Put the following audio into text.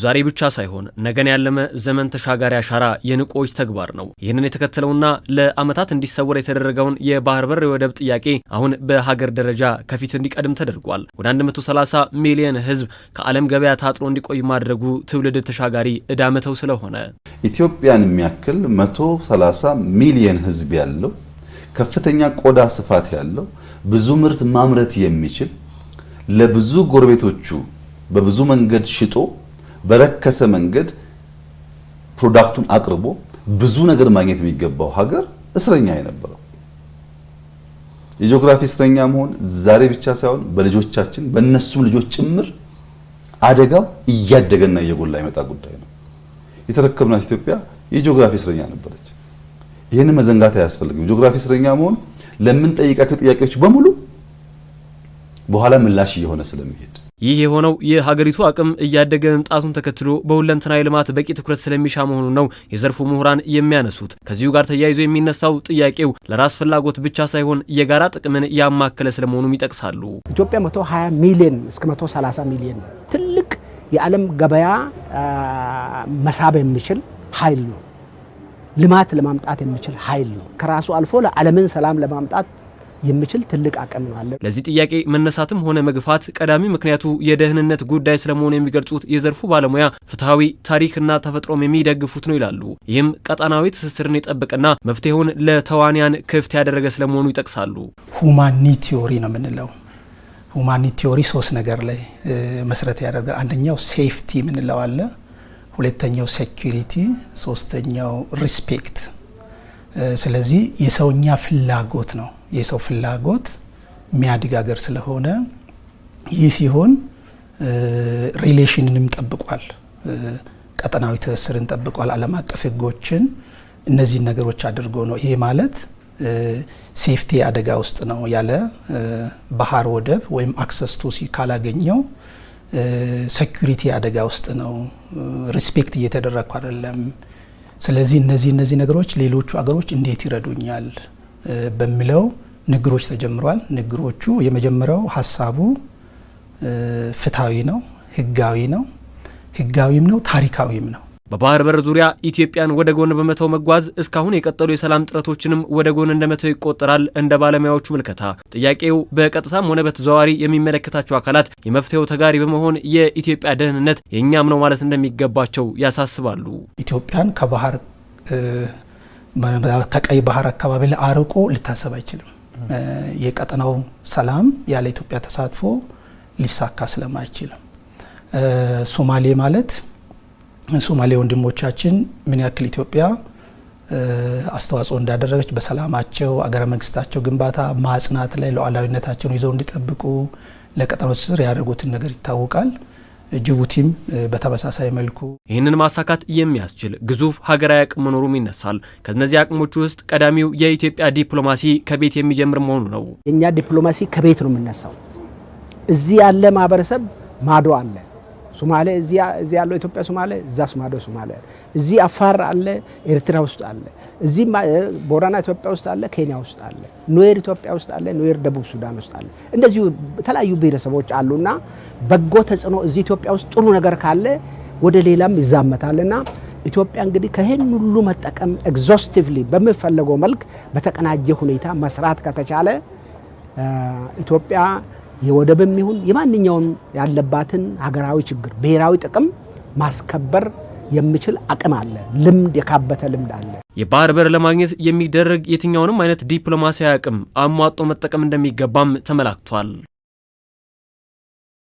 ዛሬ ብቻ ሳይሆን ነገን ያለመ ዘመን ተሻጋሪ አሻራ የንቆዎች ተግባር ነው። ይህንን የተከተለውና ለአመታት እንዲሰወር የተደረገውን የባህር በር የወደብ ጥያቄ አሁን በሀገር ደረጃ ከፊት እንዲቀድም ተደርጓል። ወደ 130 ሚሊዮን ህዝብ ከዓለም ገበያ ታጥሮ እንዲቆይ ማድረጉ ትውልድ ተሻጋሪ እዳመተው ስለሆነ ኢትዮጵያን የሚያክል 130 ሚሊዮን ህዝብ ያለው ከፍተኛ ቆዳ ስፋት ያለው ብዙ ምርት ማምረት የሚችል ለብዙ ጎረቤቶቹ በብዙ መንገድ ሽጦ በረከሰ መንገድ ፕሮዳክቱን አቅርቦ ብዙ ነገር ማግኘት የሚገባው ሀገር እስረኛ የነበረው የጂኦግራፊ እስረኛ መሆን ዛሬ ብቻ ሳይሆን በልጆቻችን በእነሱም ልጆች ጭምር አደጋው እያደገና እየጎላ የመጣ ጉዳይ ነው። የተረከብናት ኢትዮጵያ የጂኦግራፊ እስረኛ ነበረች። ይህንን መዘንጋት አያስፈልግም። ጂኦግራፊ እስረኛ መሆን ለምንጠይቃቸው ጥያቄዎች በሙሉ በኋላ ምላሽ እየሆነ ስለሚሄድ ይህ የሆነው የሀገሪቱ አቅም እያደገ መምጣቱን ተከትሎ በሁለንተናዊ ልማት በቂ ትኩረት ስለሚሻ መሆኑን ነው የዘርፉ ምሁራን የሚያነሱት። ከዚሁ ጋር ተያይዞ የሚነሳው ጥያቄው ለራስ ፍላጎት ብቻ ሳይሆን የጋራ ጥቅምን ያማከለ ስለመሆኑም ይጠቅሳሉ። ኢትዮጵያ 120 ሚሊዮን እስከ 130 ሚሊዮን ትልቅ የዓለም ገበያ መሳብ የሚችል ኃይል ነው። ልማት ለማምጣት የሚችል ኃይል ነው። ከራሱ አልፎ ለዓለምን ሰላም ለማምጣት የሚችል ትልቅ አቅም ነው አለ። ለዚህ ጥያቄ መነሳትም ሆነ መግፋት ቀዳሚ ምክንያቱ የደህንነት ጉዳይ ስለመሆኑ የሚገልጹት የዘርፉ ባለሙያ ፍትሐዊ ታሪክና ተፈጥሮም የሚደግፉት ነው ይላሉ። ይህም ቀጣናዊ ትስስርን የጠበቀና መፍትሄውን ለተዋንያን ክፍት ያደረገ ስለመሆኑ ይጠቅሳሉ። ሁማኒ ቲዮሪ ነው የምንለው። ሁማኒ ቲዮሪ ሶስት ነገር ላይ መሰረት ያደርጋል። አንደኛው ሴፍቲ የምንለው አለ ሁለተኛው ሴኩሪቲ፣ ሶስተኛው ሪስፔክት። ስለዚህ የሰውኛ ፍላጎት ነው። የሰው ፍላጎት የሚያድግ ሀገር ስለሆነ ይህ ሲሆን ሪሌሽንንም ጠብቋል፣ ቀጠናዊ ትስስርን ጠብቋል፣ ዓለም አቀፍ ህጎችን እነዚህን ነገሮች አድርጎ ነው። ይሄ ማለት ሴፍቲ አደጋ ውስጥ ነው ያለ ባህር ወደብ ወይም አክሰስ ቱ ሲ ካላገኘው ሴኩሪቲ አደጋ ውስጥ ነው፣ ሪስፔክት እየተደረግኩ አይደለም። ስለዚህ እነዚህ እነዚህ ነገሮች ሌሎቹ አገሮች እንዴት ይረዱኛል በሚለው ንግሮች ተጀምሯል። ንግሮቹ የመጀመሪያው ሀሳቡ ፍትሐዊ ነው፣ ህጋዊ ነው፣ ህጋዊም ነው፣ ታሪካዊም ነው። በባህር በር ዙሪያ ኢትዮጵያን ወደ ጎን በመተው መጓዝ እስካሁን የቀጠሉ የሰላም ጥረቶችንም ወደ ጎን እንደመተው ይቆጠራል። እንደ ባለሙያዎቹ ምልከታ ጥያቄው በቀጥታም ሆነ በተዘዋዋሪ የሚመለከታቸው አካላት የመፍትሄው ተጋሪ በመሆን የኢትዮጵያ ደህንነት የእኛም ነው ማለት እንደሚገባቸው ያሳስባሉ። ኢትዮጵያን ከባህር ከቀይ ባህር አካባቢ ላይ አርቆ ሊታሰብ አይችልም። የቀጠናው ሰላም ያለ ኢትዮጵያ ተሳትፎ ሊሳካ ስለማይችልም ሶማሌ ማለት ሶማሌ ወንድሞቻችን ምን ያክል ኢትዮጵያ አስተዋጽኦ እንዳደረገች በሰላማቸው አገረ መንግስታቸው ግንባታ ማጽናት ላይ ሉዓላዊነታቸውን ይዘው እንዲጠብቁ ለቀጠኖች ስር ያደረጉትን ነገር ይታወቃል። ጅቡቲም በተመሳሳይ መልኩ ይህንን ማሳካት የሚያስችል ግዙፍ ሀገራዊ አቅም መኖሩም ይነሳል። ከእነዚህ አቅሞች ውስጥ ቀዳሚው የኢትዮጵያ ዲፕሎማሲ ከቤት የሚጀምር መሆኑ ነው። የእኛ ዲፕሎማሲ ከቤት ነው የምነሳው። እዚህ ያለ ማህበረሰብ ማዶ አለ ሶማሌ እዚያ ያለው ኢትዮጵያ ሶማሌ እዛ ሱማሌ ሶማሌ እዚህ አፋር አለ፣ ኤርትራ ውስጥ አለ፣ እዚህ ቦረና ኢትዮጵያ ውስጥ አለ፣ ኬንያ ውስጥ አለ፣ ኑዌር ኢትዮጵያ ውስጥ አለ፣ ኑዌር ደቡብ ሱዳን ውስጥ አለ። እንደዚሁ የተለያዩ ብሔረሰቦች አሉና በጎ ተጽዕኖ እዚህ ኢትዮጵያ ውስጥ ጥሩ ነገር ካለ ወደ ሌላም ይዛመታልና ኢትዮጵያ እንግዲህ ከህን ሁሉ መጠቀም ኤግዞስቲቭሊ በሚፈለገው መልክ በተቀናጀ ሁኔታ መስራት ከተቻለ ኢትዮጵያ የወደብም ይሁን የማንኛውም ያለባትን ሀገራዊ ችግር ብሔራዊ ጥቅም ማስከበር የሚችል አቅም አለ። ልምድ የካበተ ልምድ አለ። የባህር በር ለማግኘት የሚደረግ የትኛውንም አይነት ዲፕሎማሲያዊ አቅም አሟጦ መጠቀም እንደሚገባም ተመላክቷል።